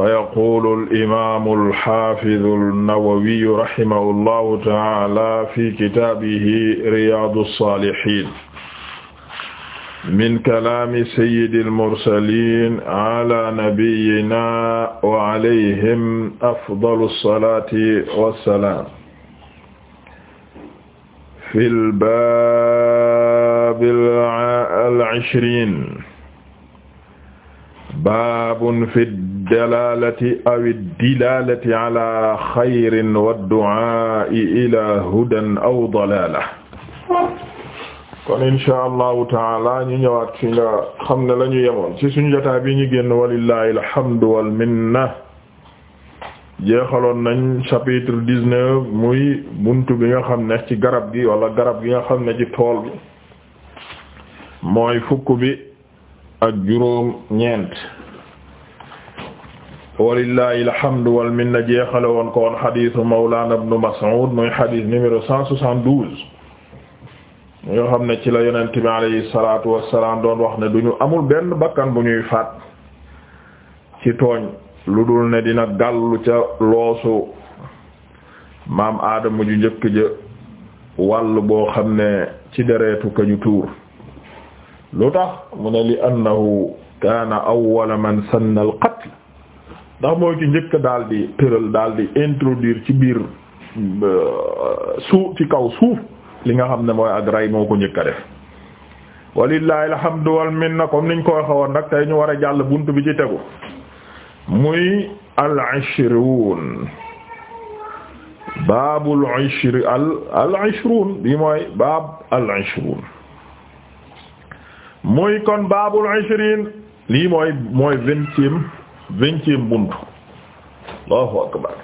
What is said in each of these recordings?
فيقول الإمام الحافظ النووي رحمه الله تعالى في كتابه رياض الصالحين من كلام سيد المرسلين على نبينا وعليهم أفضل الصلاة والسلام في الباب العشرين باب في dalalati aw dilalati ala xayrin wadduai ila hudan aw dalala kon insha allahu ñu ñëwaat fi nga la ñu yemoon ci suñu jotaay bi ñu génn walillahi alhamdu wal minna jeexaloon nañ chapitre dix-neuf muy buntu bi nga xam ne ci garab gi wala garab gi nga xam ne ci tool bi mooy fukk bi ak juróom ñeent walillahi alhamdu wal minna jeexale woon ko woon xadiisu Mawlana ibnu Mas'ud muy xadiis numéro cent soixante-douze yoo xam ne ci la yonent bi alayhi salaatu wassalaam doon wax ne du amul benn bakkan bu ñuy faat ci tooñ lu dul ne dina gàllu ca loosu maam aadama ju njëkk ja wàll boo xam ne ci deretu ka ñu tuur lu tax mu ne li annahu kaana awwala man sanna al ndax mooy ki njëkk daal di tëral daal di introduire ci biir euh, suuf ci kaw suuf li nga xam ne mooy ak ray moo ko njëkk a def walillahi alhamdu wal minna niñ ko waxe woon nag ñu war a jàll bunt bi ci tegu muy al ishrun baabul ishri al al ishrun bi mooy baab al ishrun muy kon baabul ishrin lii mooy mooy vingtième vingtième buntu Allahu akbar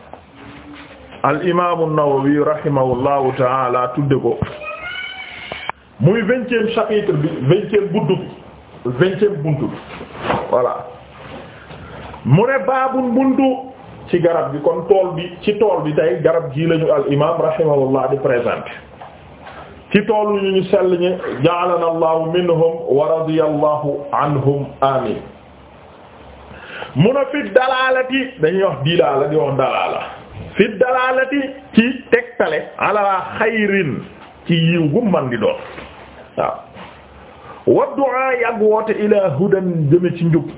al imaamu an-Nawawi rahimahullahu taala tudde ko muy vingtième chapitre buntu bi vingtième buntu bi voilà mu ne buntu ci garab bi kon tool bi ci tool bi tey garab gii lañu al imaam rahimahullah di présenté ci tool ñu ñu sell ñi ja'alana allahu minhum wa amin mun a fit dalaalati dañuy wax dilaala di wax dalaala fit dalaalati ci tegtale ala xayrin ci yiw gu man di doon waaw wa du'a yàgg woote ila hudan jëme ci njub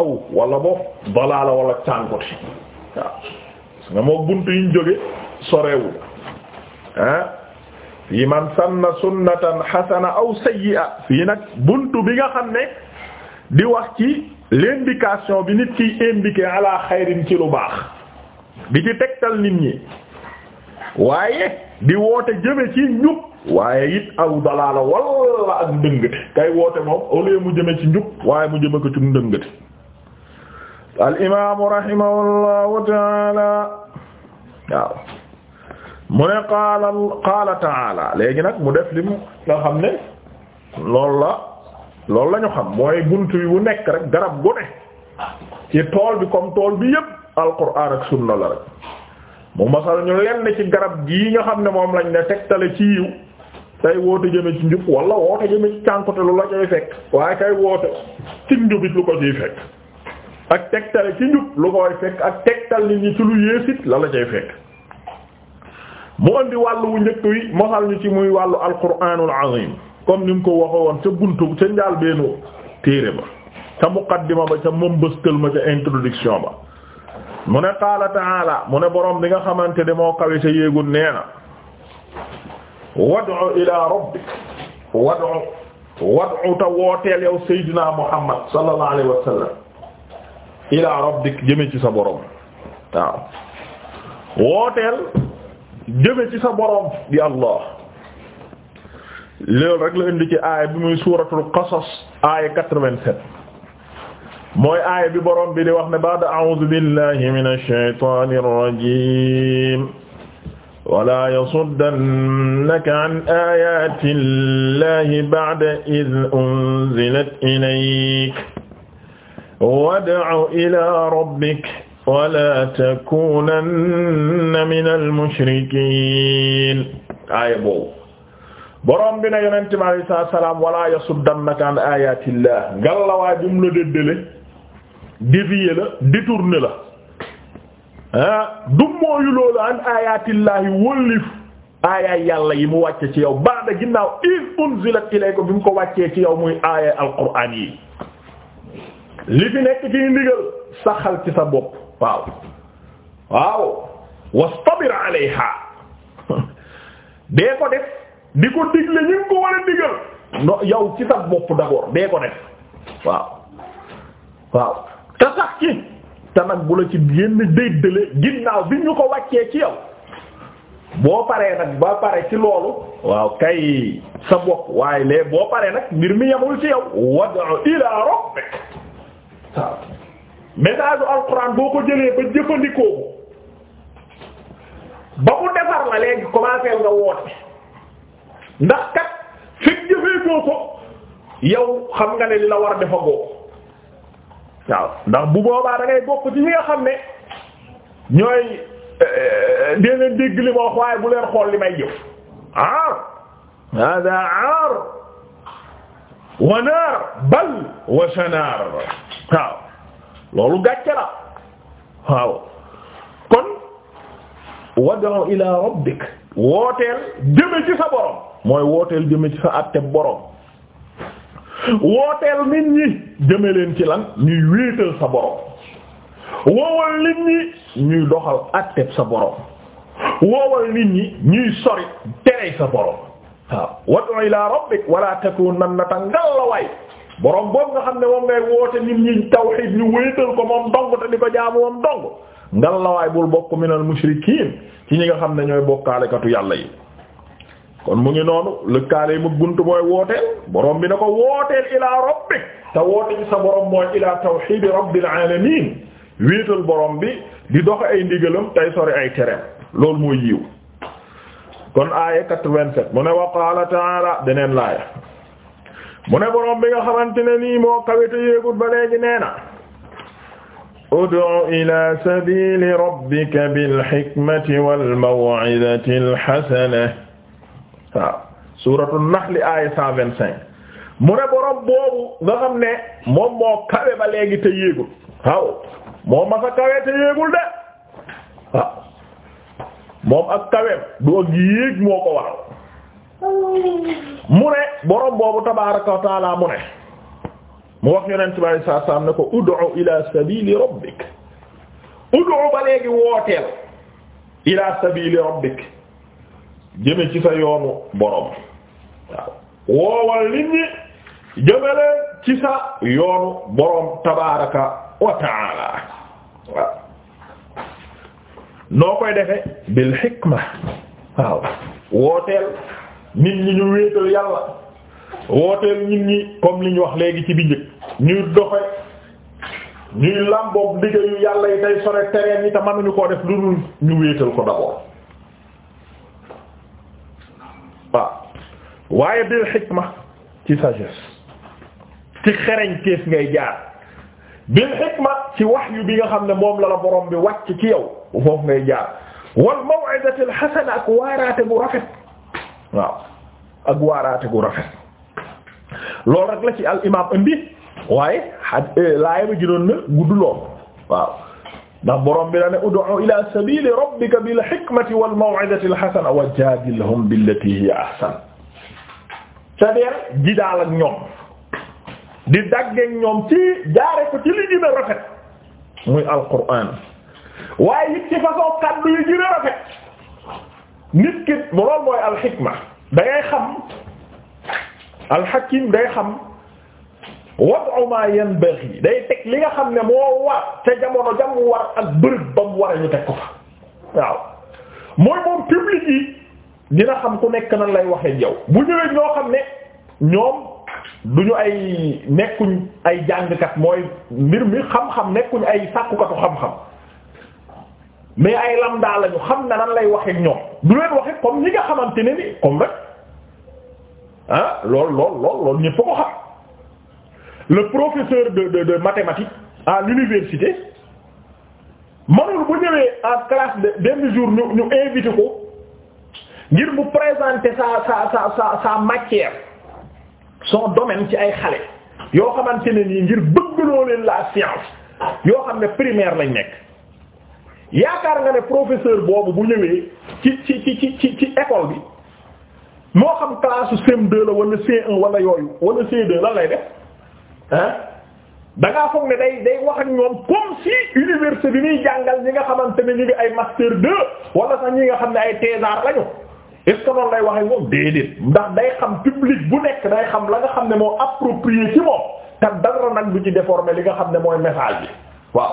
aw wala boof dalaala wala cànkuti waaw nga moo bunt yi jóge sorewu ah fii man sanna sunnatan hasana aw sayyi'a fii nag bunt bi nga xam ne di wax ci l'indication bi nit kiy indiqué ala xayrin ci lu baax di ci tegtal nit ñi waaye di woote jëme ci njub waaye it aw dalaala walla ak ndëngate kay woote moom au mu jëme ci njub waaye mu jëme ko ci ndëngate al imaamu rahimahullahu taala waaw mu ne qaala qaala taala léegi nag mu def li mu nga xam ne loolu la loolu lañu xam mooy bunt bi bu nekk rek garab gu ci tool bi comme tool bi yépp alquran ak sunna la rek mu masal ñu lenn ci garab gii nga xam ne moom lañ ne tegtale ci yiw tay woote jëme ci njub wala woote jëme ci cànkote lu la koy fekk waaye kay woote ci njubit lu ko fekk ak tegtale ci njub lu koy fekk ak tegtal nit ñi ci lu yéesit la la cay fekk mu andi wàll wu njëkk wi mosal ñu ci muy wàll wàllu alquranul azim comme ni mu ko waxee woon ca buntu ca njaal beenu téere ba ca muqaddima ba ca moom bëstël ma ca introduction ba mu ne qaala taala mu ne boroom bi nga xamante ne moo kawe ca yéegul nee na wad'u ila rabbik wad'u wad'u ta wooteel yow seydina muhammad sallallahu alayhi ila rabbik jëme ci sa boroom waaw wooteel jëme ci sa boroom di allah loolu rek la indi ci aaya bi muy suuratul qasas aaya quatre-vingt-sept mooy aaya bi borom bi di wax ne ba'da a'uudu billahi minash shaytaanir rajiim wala yasuddannaka an aayaati llahi ba'da id unzilat ilayk wad'u ila rabbika wala takuunanna minal mushrikiin aaya boobu borom bi ne yonent bi alayhi salaam wala yasuddannaka an ayatillah ngallawaa jum la déddale dévier la détourner la ah dummóoyu loolu an ayatillahi wëllif aayaay yàlla yi mu wàcce ci yow baada ginnaaw iz unzilat ilayka bi mu ko wàccee ci yaw muy aaya alquraan li fi nekk ci ndigal saxal ci sa bopp waaw waaw wastabir alayha dee ko def di ko digle ñu ko war a digal no yow ci sa bopp d'abord dee ko def waaw waaw te sax ci te nag bu la ci yenn déddale ginnaaw bi ñu ko wàccee ci yow boo paree nag ba pare ci loolu waaw kay sa waaye lee boo pare nag mbir mi yamul ci yow wad'u ila rabbik waaw message alxuraan boo ko jëlee ba jëfandikoo ba mu defar la léegi commencé nga woote ndax kat fekk jëfeekoo ko yow xam nga ne la war a defa goo waaw ndax bu boobaa da bokk ci ñi nga xam ne ñooy euh, dee leen dégg li ma wax waaye bu leen xool li may jëf aar hada aar wa naar bal wa sanaar waaw loolu gàcce la waaw kon wad'u ila rabbik wooteel jëme ci sa borom mooy wooteel jëme ci sa àtte borom wooteel nit ñi jëme leen ci lan ñuy wéetal sa borom woowal nit ñi ñuy doxal àtte sa borom woowal nit ñi ñuy sori tere sa borom waaw wad'u ila rabbik wala takunanna tangallawaay borom boobu nga xam ne moom ngay woote nit ñi tawxiid ñu wéetal ko moom dong te di ko jaamu moom dong ngallawaay bul bokk minal mushrikiin ci ñi nga xam ne ñooy bokkaalekatu yàlla yi kon mu ngi noonu lëkkaale mu bunt mooy wooteel borom bi na ko wooteel ilaa rabbik te woote ci sa ilaa tawxiidi rabbil alamin wéetal borom bi di dox ay ndigalam tey sori ay tereem loolu mooy yiw kon aaya quatre-vingt-sept mu ne wa qaala taala beneen laaya mu ne borom bi nga xamante ne nii moo kawite yéegut ba léegi nee na ud'u ila sabili rabbika bil hikmati wal maw'izati al hasana waaw suuratu naxli aaya cent vingt cinq mu ne borom boobu nga xam ne moom moo kawe ba léegi te yéegul waaw moom ma sa kawe te yéegul de moom ak kaweem du ak yéeg moo ko waral mu ne borom boobu tabaaraka wa taala mu ne mu wax yonent bi saa saa ne ko ud'u ila sabili rabbik ud'u ba léegi wooteel ila sabili rabbik jëme ci sa yoonu borom waaw woowal nit ñi jëme ci sa yoonu borom tabaraka wa noo koy defe bil hikma waaw wooteel nit ñi ñu wéetal yàlla wooteel nit ñi comme li ñu wax léegi ci bi njëkk ñuy doxe ñuy làmboob liggéeyu yàlla yi tey sore tereen yi te mënuñu koo def lu dul ñu wéetal ko d'abord waaye bil xikma ci sagesse ci xereñ keef ngay jaar bil xikma ci waxyu bi nga xam ne moom la la borom bi wàcc ci yow foofu ngay jaar wal maw'izati al hasana ak waaraate gu rafet waaw ak waaraate gu rafet loolu rek la ci al imam indi waaye a laayama ginoon na gudd lool waaw ndax borom bi la ne ud'u ila sabili rabbika bil hikmati wal maw'izati al hasana wa jadilhum billati hiya ahsan c'est-à-dire daal ak ñoom di daggeek ñoom ci jaare ko ci li gën a rafet muy alquran waaye it ci façon kaddu yi gën a rafet nit ki loolu mooy alxikma da xam alxakim day xam wad'u ma yanbaghi day teg li nga xam ne moo war ca jamono jam war ak bërëb ba mu war teg ko fa waaw mooy moom public yi. dina xam ku nekk nan lay waxee yow bu ñëwee ñoo xam ne ñoom duñu ay nekkuñ ay jàngkat mooy mbir mi xam-xam nekkuñ ay sàkkukatu xam-xam mais ay lambda lañu xam na nan lay waxee ñoom du leen waxee comme ñi nga xamante ne ni comme rek ah lool lool lool lool ñépp ko xam le professeur de de de mathématiques à l'université manul bu ñëwee en classe de benn jour ñu ñu invité ko. ngir bu présenté sa sa sa sa sa matière soo domaine ci ay xale yoo xamante ne nii ngir bëggloo leen la science yoo xam ne primaire lañ nekk yaakaar nga ne professeur boobu bu ñëwee ci ci ci ci ci école bi moo xam classe cm de la wala C1 wala yooyu wala C2 lan lay de ah da ngaa foog ne day day wax ak ñoom comme si université bi muy jàngal ñi nga xamante ne ñu ay master 2 wala sax ñi nga xam ne ay thésard lañu. est-ce que noonu lay waxee moom déedéet ndax day xam public bu nekk day xam la nga xam ne moo approprié ci moom te dara nag bu ci déformé li nga xam ne mooy message waaw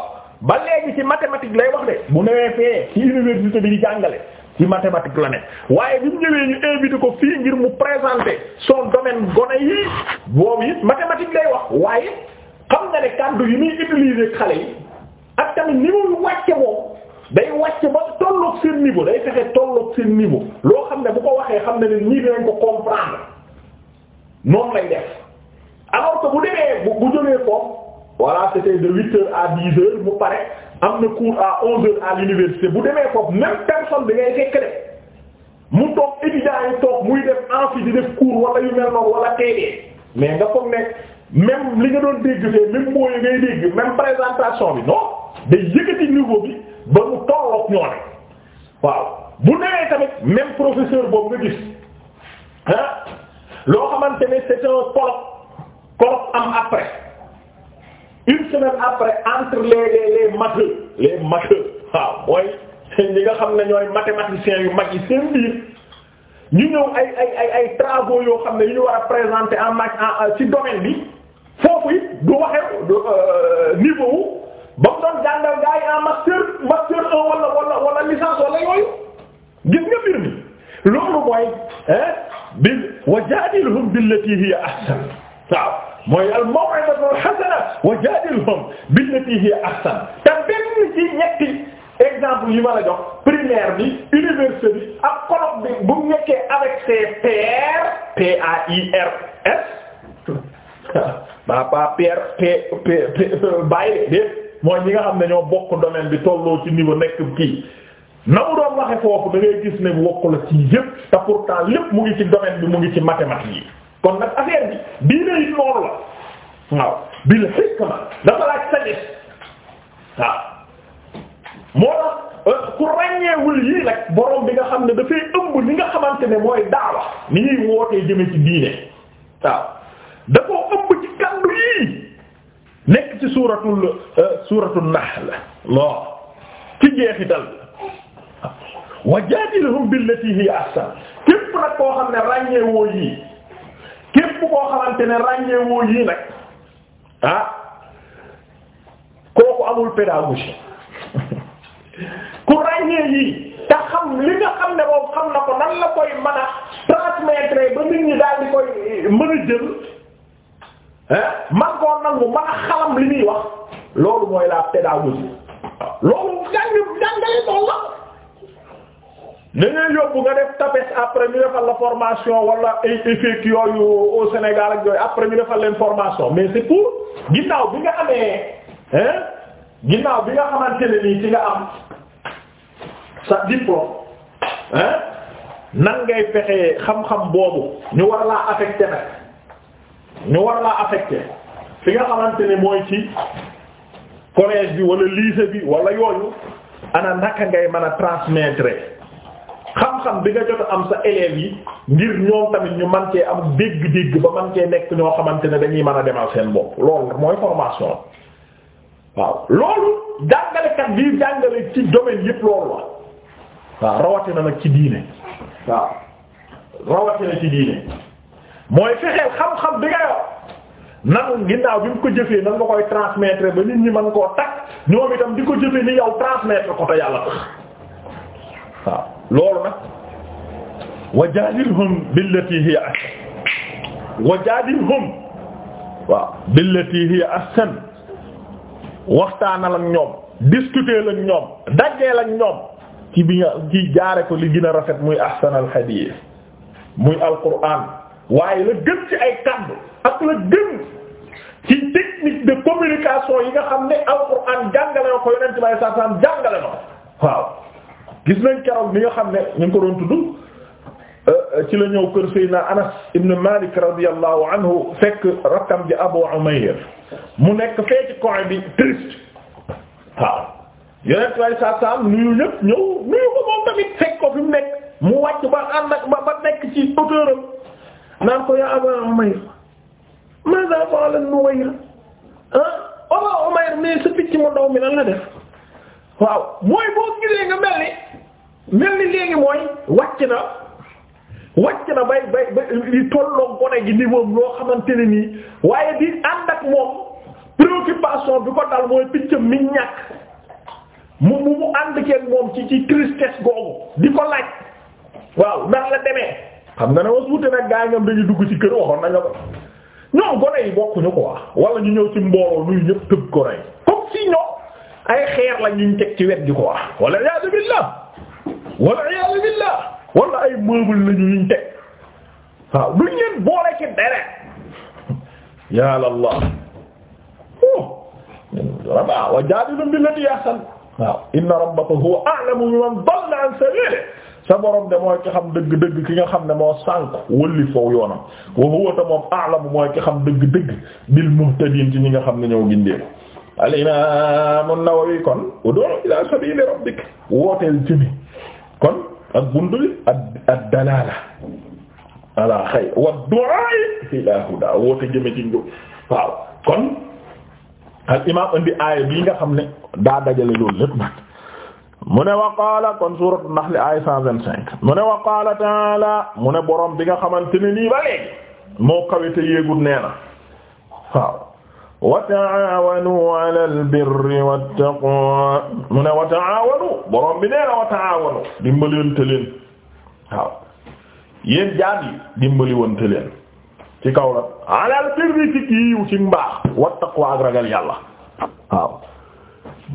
ba léegi ci mathématique lay wax de bu newee fee ci université bi di jàngale ci mathématique la ne waaye bi mu ñëwee ñu invité ko fii ngir mu présenter son domaine gone yi boobu it mathématique lay wax waaye xam nga ne kàddu yi muy utiliser xale yi ak tamit ni muy wàcce moom day wàcc ba tolloog seen niveau day fexe tolloog seen niveau loo xam ne bu ko waxee xam ne ne nii dinañ ko comprendre noonu lay def alors que bu demee bu bu jógee foofu voilà c'était de huit heures à dix heures mu pare am na cours a onze heures à l'université bu demee foofu même personne bi ngay fekk rek mu toog étudiants yi toog muy def amphi di def cours wala yu mel noonu wala teedee mais nga foog ne même li nga doon dégg fee même mooy ngay dégg même présentation bi non day yëkkati niveau bi. ba mu tolloog ñoo ne waaw bu newee tamit même professeur boobu nga gis ah loo xamante ne c'est un colloque colloque am après une semaine après entre les les les matheux les matheux waaw mooy ñi nga xam ne ñooy mathématiciens yu mag yi seen biir ñu ñëw ay ay ay ay yoo xam ne yu ñu présenté a présenter en math si domaine bi foofu it du waxee euh, niveau ba mu doon jàngal gars yi en math master 1 wala wala wala licence wala yooyu gis nga mbir loolu mooy bi wajadilhum billati hiya ahsan waaw mooy al maw'izatu al hasana wajadilhum billati hiya ahsan te benn ci ñetti exemple yi ma la jox primaire bi université bi bi bu nekkee avec ses pairs P A I R S ba pa père p p baye mooy ñi nga xam ne ñoo bokk domaine bi tolloo ci niveau nekk kii na mu doon waxe foofu da gis ne wokk la ci yëpp te pourtant lépp mu ngi ci domaine bi mu ngi ci mathématiques yi kon nag affaire bi bii lay noonu la waaw bil hikma dafa laaj sagesse euh, xam ne dafay ëmb li nga xamante ne mooy daawa ni ñuy wootee jëme ci diine waaw da ëmb ci suuratul euh, suuratul nahl la ci jeexital wa jaadilhum billatii hiya ahsan képp nag koo xam ne ràññeewoo yii képp koo xamante ne ràññeewoo yii nag ah kooku amul pédagogie ku ràññee yii te xam li nga xam ne moom xam na ko nan la koy mën a transmettre ba nit ñi daal di koy eh, mën jël. Eh? man koo nangu man a xalam li muy wax loolu mooy la pédagogie loolu jàng jàngale doon la na ngay yóbbu nga def tapes après ñu defal la formation wala ay effet yooyu au Sénégal ak yooyu après ñu defal leen formation mais c'est pour ginnaaw bi nga amee hein ginnaaw bi nga xamante ne nii ci nga am sa diplôme hein nan ngay fexee xam-xam boobu ñu war laa affecté nag ñu war laa affecté fi nga xamante ni mooy ci collège bi wala lycée bi wala yooyu ana naka ngay mën a transmettre xam-xam bi nga jot am sa élèves yi ngir ñoom tamit ñu man cee am dégg-dégg ba man cee nekk ñoo xamante ne dañuy mën a demal seen bopp loolu mooy formation waaw loolu jàngalekat bi jàngale ci domaine yépp loolu la waaw rawatina nag ci diine waaw rawatina ci diine. mooy fexeel xam-xam bi nga yor nan ginnaaw bi mu ko jëfee nan nga koy transmettre ba nit ñi mën koo takk ñoom itam di ko jëfee ni yow transmettre ko te yàlla tax waaw loolu nag wa jadilhum billati hiya ahsan wa jadilhum waaw billati hiya ahsan waxtaanal ak ñoom discuter ak ñoom daggeel ak ñoom ci bi nga ci jaare ko li gin a rafet muy ahsan al hadith muy al qur'an waaye la gën ci ay kàddu ak la gën ci technique de communication yi nga xam ne alxuraan jàngale na ko yonent bi saa saam jàngale na ko waaw gis nañ keroog ni nga xam ne ñu ngi ko doon tudd euh, ci la ñëw kër Seydina Anas ibn Malik radiyallahu anhu fekk rakkam ji Abu Umayr mu nekk fee ko bi triste waaw yonent bi saa saam nuyu ñëpp ñëw nuyu ko moom tamit fekk ko fi mu nekk mu wàcc ba ànd ba nekk ci hauteur naan ko yaa Aba Umayr maza fa'ala Numayr ah Aba Umayr sa picc mu ndaw mi lan la def waaw mooy boo gisee nga mel ni mel ni léegi mooy wàcc na wàcc na bay bay bay li tolloo gone gi niveau loo xamante ne nii waaye bi ànd ak moom préoccupation bi ko dal mooy picc mi ñàkk mu mu mu ànd kenn moom ci ci tristesse googu di ko laaj waaw ndax la demee. xam nga ne was wute nag gaa ñoom dañuy dugg ci kër waxoon nañ la ko gone yi bokkuñu quoi wala ñu ñëw ci mbooloo nuyu ñëpp tëb ko si ñoom ay xeer la teg ci wet gi ko wala iyaazu billah wala iyaazu ay meuble la ñu teg waaw duñ leen boole ci dere ya Allah oh. rabaa wa jaadilhum billati ahsan waaw inna rabbaka huwa a'lamu biman dalla an sabilihi sa borom de mooy ki xam dëgg-dëgg ki nga xam ne moo sànk wëlli foow yoonam wa huwa moom a'lamu mooy ki xam dëgg-dëgg bil muhtadin ci ñi nga xam ne ñëw gindee al imam an-Nawawi kon ud'u wa du'a ila huda woote al imam indi aaya bii nga xam ne daa dajale loolu lépp nag mu ne wa qaala kon suuratu nahl ay cent mu ne wa qaala taala mu borom bi nga xamante ne nii ba léegi moo kawite yéegul nee na waaw ala al birri wattaqwa mu borom bi nee na wa taawanu dimbalante leen waaw yéen jaam yi kaw la ala al birri ci yiw ci mbaax wattaqwa ragal yàlla waaw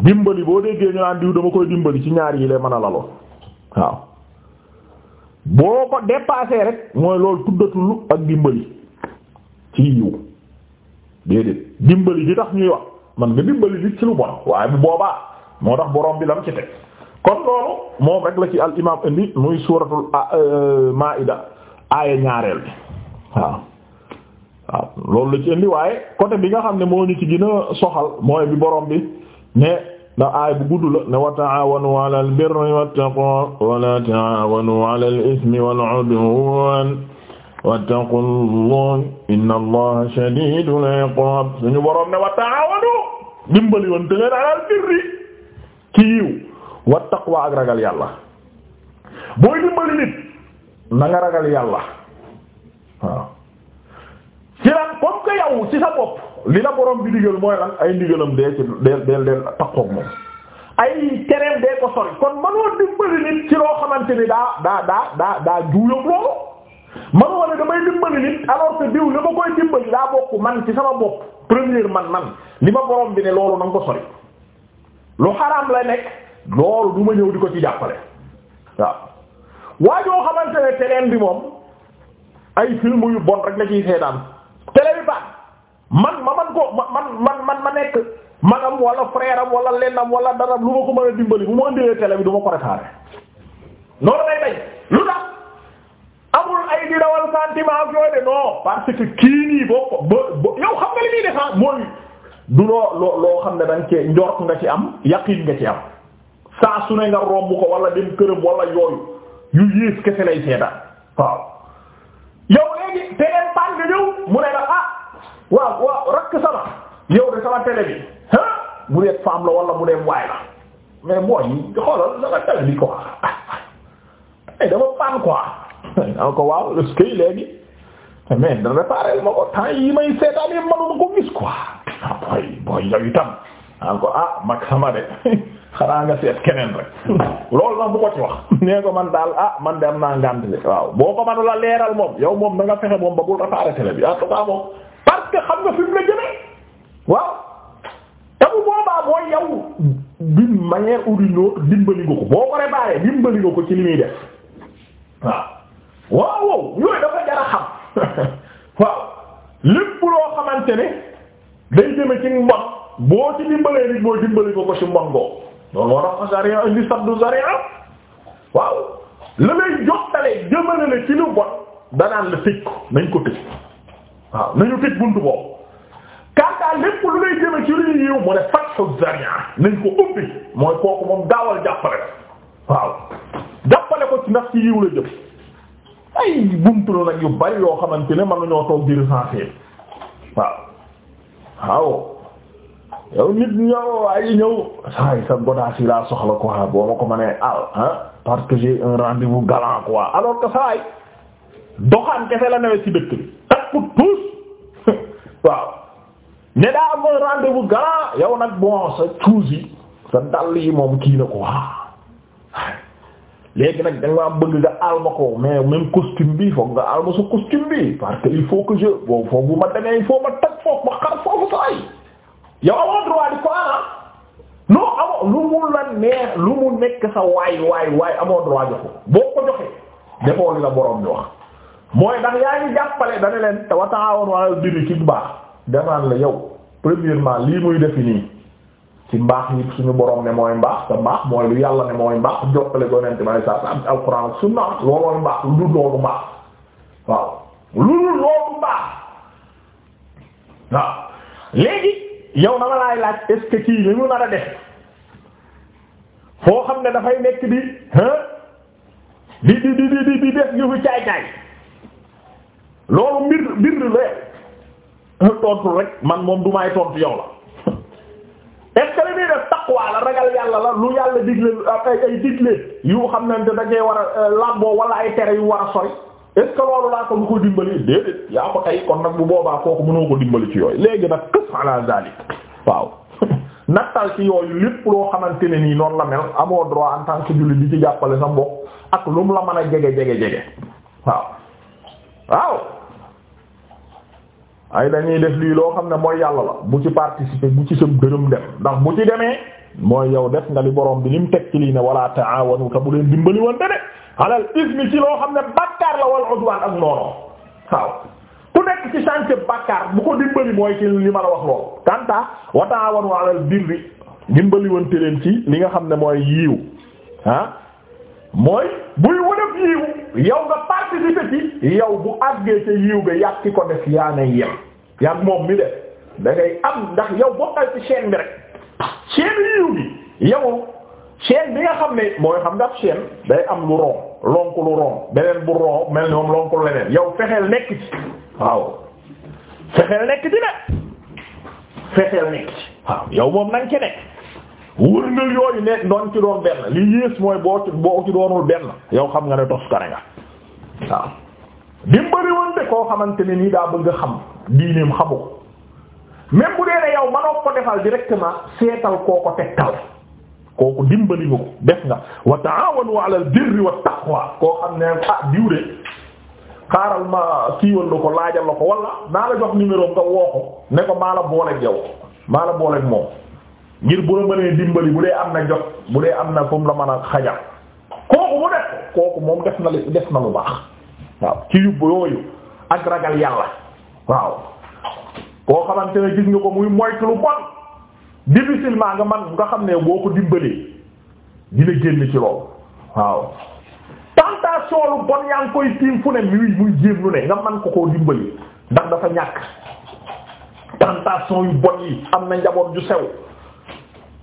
dimbali boo déggee ñu naan diw dama koy dimbali ci ñaar yi lay mën a laloo waaw boo ko rek mooy loolu tuddatul ak dimbali ci yiw déedéet dimbali di tax ñuy wax man nga dimbali di ci lu bon waaye bu boobaa moo tax borom bi lam ci teg kon loolu moom rek la ci al imaam indi muy suuratul ah, euh, maida aaya ñaareel bi waaw waaw loolu la ci indi waaye côté bi nga xam ne moo ñu ci soxal mooy bi borom bi ne da aay bu gudd la ne wa ta'awanu 'ala al-birri wat-taqwa wa la ta'awanu 'ala al-ithmi wal-'udwan wattaqullaha inna allaha shadidul 'iqab suñu boroom ne wa ta'awanu dimbali woon te ngeen 'ala al-birri ci yiw wat-taqwa ak ragal yàlla booy dimbali nit na nga ragal yàlla waaw ci lan comme que yow ci sa bopp li la boroom bi digal mooy lan ay ndigalam dee ci deel deel deel moom ay tereem dee ko sori kon manoo dimbali nit ci loo xamante ni daa daa daa daa daa juuyam loolu manoo ne damay dimbali nit alors que diw li ma koy dimbali daa bokk man ci sama bopp première man man li ma borom bi ne loolu nanga ko sori lu xaraam la nekk loolu du ma ñëw di ko ci jàppale waaw waa joo xamante ne tereem bi moom ay film yu bon rek la ciy seetaan télé bi man ma man ko man man man ma nekk magam wala frère am wala lennam wala dara lu ma ko mën a dimbali bu ma indilee télé bi du ko réparé noonu lay day lu tax amul ay di dawal sentiment yooyu de non parce que kii nii boo ko ba ba yow xam nga li muy defar ah, mooy du loo loo xam ne da nga cee njort nga ci am yaqin nga ci am saa su ne nga romb ko wala dem këram wala yooyu yu yées kese lay seetaan waaw yow léegi te leen paan nga ñëw mu ne la ah. waaw waaw rakk sama yow de sama télé bi ah bu dee femme la wala bu dee waay la mais mooy xoolal sama télé bi quoi ay eh, dama ko waaw est da réparé ma ko temps yi may seetaan yi manuma ko gis quoi ah boy boy yow itam an ah, ko ah mag sama de xanaa keneen rek loolu nag bu ko ci ko man daal ah man de am naa ngànt de waaw boo ko manula leeral moom yow moom da nga fexe moom ba bul réparé télé bi en tout moom parce que xam nga fi mu la waaw te bu boobaa mooy yow d'une manière ou d'une ko boo ko réparé dimbali nga ko ci li muy def waaw waaw wow yooyu dafa jar a xam waaw lépp loo xamante ne day jëme ci mboq boo ci dimbalee nit mooy dimbali ko ci mboq boobu loolu moo tax sariya indi saddu sariya waaw la lay jottale jëmale la ci lu bon danaan la tëj ko nañ ko tëj. waaw nañu tëj buntu boobu kantaa lépp lu lay jëme ci lu yiw mu ne fathu zari'a nañ ko ubbi mooy kooku moom gaawal jàppale waaw jàppale ko ci ndax ci yiw la jëm ay buntu la nag yu bari yoo xamante ne man nañoo toog biir sensé waaw waaw yow nit ñëw waaye ñëw saay sa godaas yi laa soxla quoi boo ko ma nee al ah parce que un rendez-vous galant quoi alors que saay doxaan kese la newee ci dëkk bi jàpput tous waaw ne daa amoon rendez-vous gala yow nag bon sa cuus yi sa dàll yi moom kii na ko waa ah. léegi nag da nga bëgg nga aal ko mais même costume bi foog nga aal ma costume bi parce que il faut que je bon foofu bu ma demee il ma teg foofu ma xar foofu saa yi yow amoo droit di ko ah non lu mu la neex lu mu nekk sa waay waay waay amoo droit jox ko boo ko joxee defoo la borom bi wax. mooy ndax yaa ngi jàppale dana leen te wa ta'awanu ci mbaax danaan la yow premièrement lii muy defi nii ci mbaax yi suñu borom ne mooy mbaax te mbaax mooy lu yàlla ne mooy mbaax jottale ko nent may sa am alxuraan ak sunna loolooy mbaax lu dul loolu mbaax lu dul loolu mbaax léegi yow na ma laay laaj est-ce que kii li mu nar a def foo xam ne dafay nekk di di di di di di def ñu caay caay loolu mbir mbir la tontu rek man moom du may tontu yow la est-ce que li muy la ragal yàlla la lu yàlla digle ay ay digle yu xam ne da ngay war a euh, làmboo wala ay tere yu war a sori est-ce que ko lu ko dimbali déedéet yaa ko tey kon nag bu boobaa kooku mënoo ko dimbali ci yooyu léegi nag qis ala zalik waaw nattal ci yooyu lépp loo xamante ne nii noonu la mel amoo droit en tant que jullit di ci jàppale sa mbokk lu mu la man a jege jege jege waaw waaw ay dañuy def lii loo xam ne mooy yàlla la bu ci participer bu ci sam dërëm dem ndax bu ci demee mooy yow def nga li borom bi lim teg ci lii ne wala ta'awanu te bu leen dimbali woon dene alal ismi ci loo xam ne bàkkaar la wal udwan ak noonu waaw ku nekk ci sànq bàkkaar bu ko dimbali mooy ci li ma la wax loolu kanta wa ta'awanu alal birri dimbali woon te leen ci li nga xam ne mooy yiiw ah mooy buy wërëb yiiw yow nga participer ci yow bu àggee ca yiiw ga yàq ki ko def yaa na yem yàgg moom mi def da am ndax yow bokkal ci chaîne bi rek chaîne yiiw bi yow chaîne bi nga xam ne mooy xam nga seen day am lu ron lonk lu ron beneen bu ron mel ni moom lonk leneen yow fexeel nekk ci waaw fexeel nekk ci de fexeel nekk ci waaw yow moom nang ci nekk wërngal yooyu ne doon ci doon benn li yées mooy boo ci boo ci doonul benn yow xam nga ne tos kare nga waaw bi koo xamante ne nii daa bëgg xam diineem xamu ko même bu dee ne yow mënoo ko defal directement seetal koo ko tegtal kooku dimbali nga ko def nga wa ta'awanu 'ala al-birri wat koo xam ne ah diw de xaaral ma kiiwal la ko laajal la ko wala naa la jox numéro nga woo ko ne ko maa la booleeg yow maa la booleeg moom. ngir bu la mënee dimbali bu dee am na jot bu dee am na fu la mën a xaja kooku mu def kooku moom def na lu def na lu baax waaw ci yubbu yooyu ak ragal waaw koo xamante ne gis nga ko muy moytu lu bon difficilement nga man xam ne boo ko dimbalee dina génn ci loolu waaw tentation lu bon yaa ngi koy tiim fu ne muy muy jéem ne nga man ko koo dimbali ndax dafa ñàkk tentation yu bon yi am na njaboot ju sew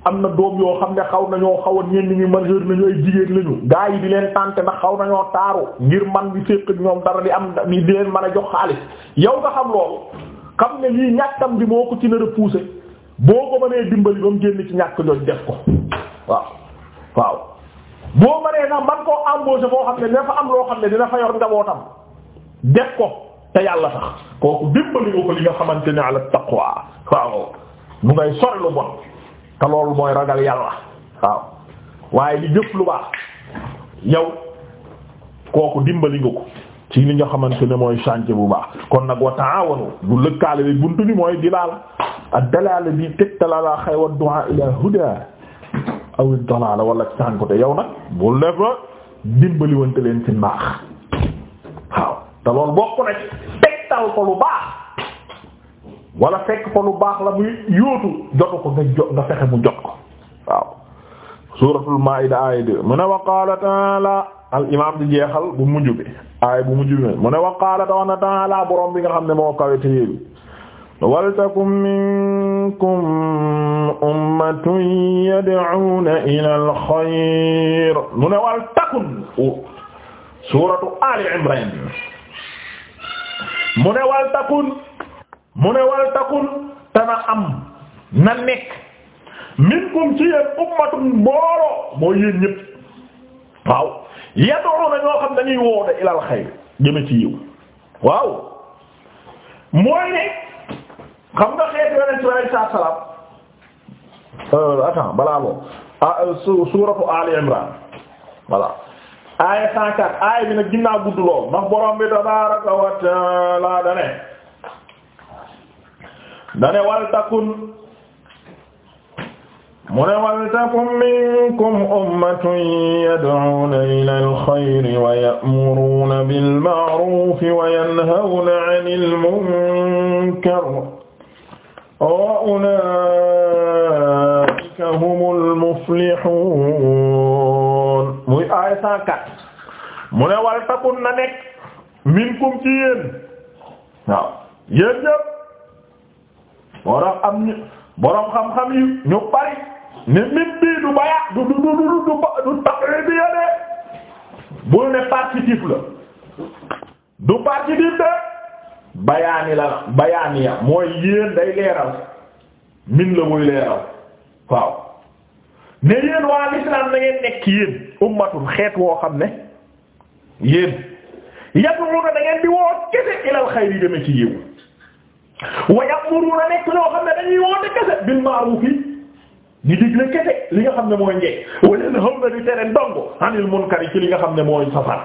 am na doom yoo xam ne xaw nañoo xaw a ñenn ñi majeur nañu ay jigéen lañu gaa yi di leen tànte ndax xaw nañoo taaru ngir man bi séq ñoom dara di am di leen mën a jox xaalis yow nga xam loolu xam ne lii ñàkkam bi moo ko ci nar a boo ko mënee dimbali ba mu génn ci ñàkk joj def ko waaw waaw boo mënee nag man xam ne dina fa am loo xam ne dina fa yor njabootam def ko te yàlla tax kooku dimbali nga ko li nga xamante ne ala taqwa waaw mu ngay sori lu bon te loolu mooy ragal yàlla waaw waaye li jëf lu baax yow kooku dimbali nga ko ci li nga xamante ne mooy chantier bu baax kon nag wa ta'awanu bu lëkkaale bi buntu bi mooy dilaala ak dalaala bi tegtalala xaywa du'a ila huda aw ad-dalaala wala cànkute yow nag bu def dimbali wante leen ci mbaax waaw te loolu bokk na ci tegtal ko lu baax wala fekk ko lu baax la muy yóotu jotu ko nga jo nga fexe mu jot ko waaw suuratul maa'ida aaya deux mu ne wa qaala ta'aala al imaam di jeexal bu mujj bi aaya bu mujj bi mu ne wa qaala ta wax na ta'aala borom bi nga xam ne moo kawete yéebi waltakum minkum ummatun yad'uuna ilal xayr mu ne waltakun suuratu aali imraan mu ne waltakun mu ne wal takun tana am na nekk minkum ci yéen ummatun mbooloo moo yéen ñëpp waaw yad'una ñoo xam dañuy woote ilal xayr jëme ci yiw waaw mooy ne xam nga xeetu yonent bi alayhi salaatu salaam euh, attends balaa boobu ah, euh, suuratu Ali Imran voilà aaya 104 aaya bi nag ginnaaw gudd lool ndax borom bi tabaaraka wa ta'aala dane dane wal takun mu ne wal takun minkum ummatun yad'una ila alxayri wa ya'muruna bil ma'rufi wa yanhawna 'anil munkar wa ulaa'ika humul muflihuun muy aaya 104 mu ne wal takun na nekk minkum ci yéen waaw yéen ñépp moo tax am borom xam-xam ñu bari ne mit bii du baya du du du du du taxaw bi yore bul ne partitif la du partitif de bayaani la bayaani ya mooy yéen day leeral min la muy leeral waaw ne yéen waa l'islam na ngeen nekk yéen ummatul xeet woo xam ne yéen yad'una da ngeen di woo kese ilal xayri deme ci yiw wa ya'muruna nekk ñoo xam ne dañuy woote kese bil ma'ruf di digle kese li nga xam ne mooy njekk wa yanhawna di tere ndong anil munkar ci li nga xam ne mooy safar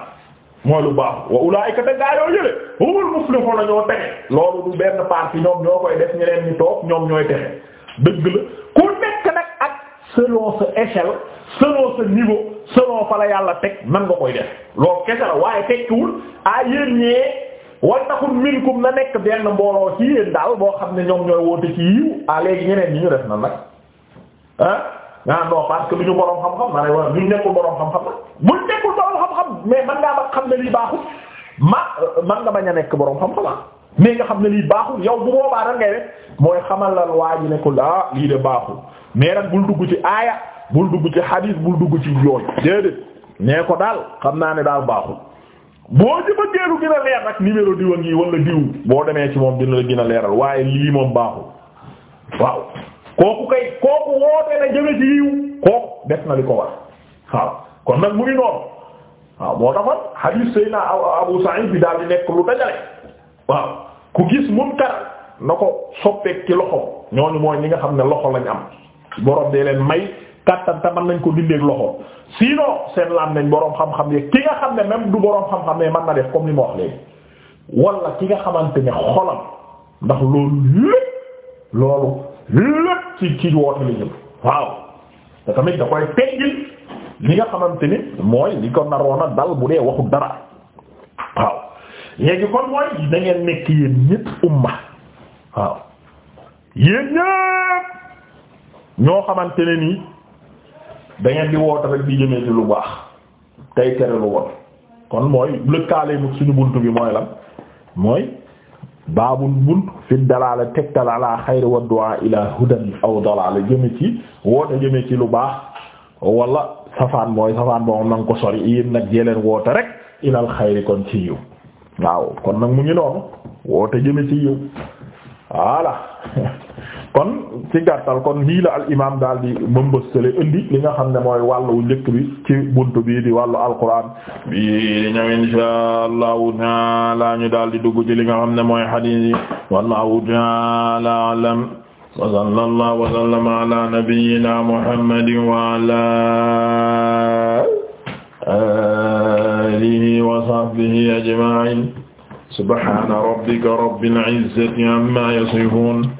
mooy lu baax wa laa te gaa yoo jële humul muflihuna ñoo texe loolu du benn parti ñoom ñoo koy def ñeneen ñi toog ñoom ñooy texe dëgg la ku nekk nag ak selon sa échelle selon sa niveau selon fa la yàlla teg nan nga koy def loolu kese la waaye tekkiwul ah yéen ñee wal takun minkum na nekk benn mbooloo ci yéen daal boo xam ne ñoom ñooy woote ci yiw ah léegi ñeneen ñi ñu def na nag ah ah non parce que lu ñu boroom xam-xam ma xam-xam man ngaa xam ne lii baaxul ma man nga bañ a nekk boroom xam-xam ah mais nga xam ne lii baaxul yow bu boobaa da ngay def mooy xamal la waa ji nekkul ah lii de baaxul mais rek bul dugg ci aaya bul dugg ci hadith bul dugg ci yooyu déedéet nee ko daal xam naa ne daal baaxul. boo ci bëggee lu gën a leer nag ngi wala diw boo demee ci moom dina la gën a leeral waaye lii moom baaxul waaw kooku kay kooku woote na jëme ci yiw kooku def na li ko war waaw kon nag mu ngi noonu waaw moo taxoon hadith Seyna Abu Sa'id bi daal di nekk lu dajale waaw ku gis munkar na ko soppeek ci loxo ñooñu mooy ñi nga xam ne loxo lañ am borom dee leen may kàttan te nañ ko dindeeg loxo. sinon seen laam nañ boroom xam-xam yi ki nga xam ne même du boroom xam-xam ne mën na def comme ni ma wax léegi wala ki nga xamante ne xolam ndax loolu lépp loolu lépp ci ci woote li waaw te tamit da koy teggil li nga xamante ni mooy li ko naroon dal bu dee waxu dara waaw léegi kon mooy da ngeen nekk yéen ñépp umma waaw yéen ñépp ñoo xamante ne nii dangeen di woote rek bi jëmee ci lu baax tey tere lu bon kon mooy lëkkaale mu suñu bunt bi mooy la mooy baabul bunt fi dalaala tegtal ala xayri wa du'a ila hudan aw dalaala jëme ci woote jëme ci lu baax wala safaan mooy safaan boobu na ko sori yéen nag jee leen woote rek ilal xayri kon ci yiw waaw kon nag mu ngi noonu woote jëme ci yiw voilà kon ci gàttal kon lii la al imaam daal di mëmbëstale indi li nga xam ne mooy wàllu njëkk bi ci buntu bii di wàllu alquran bi di ñëw inshaa allahu taala ñu daal di dugg ci li nga xam ne mooy hadiis yi wallahu taala alam wa sallallahu wa sallama ala nabiyyina muhammadin wa ala alihi wa sahbihi ajma'in subhana rabbika rabbil izzati amma yasifun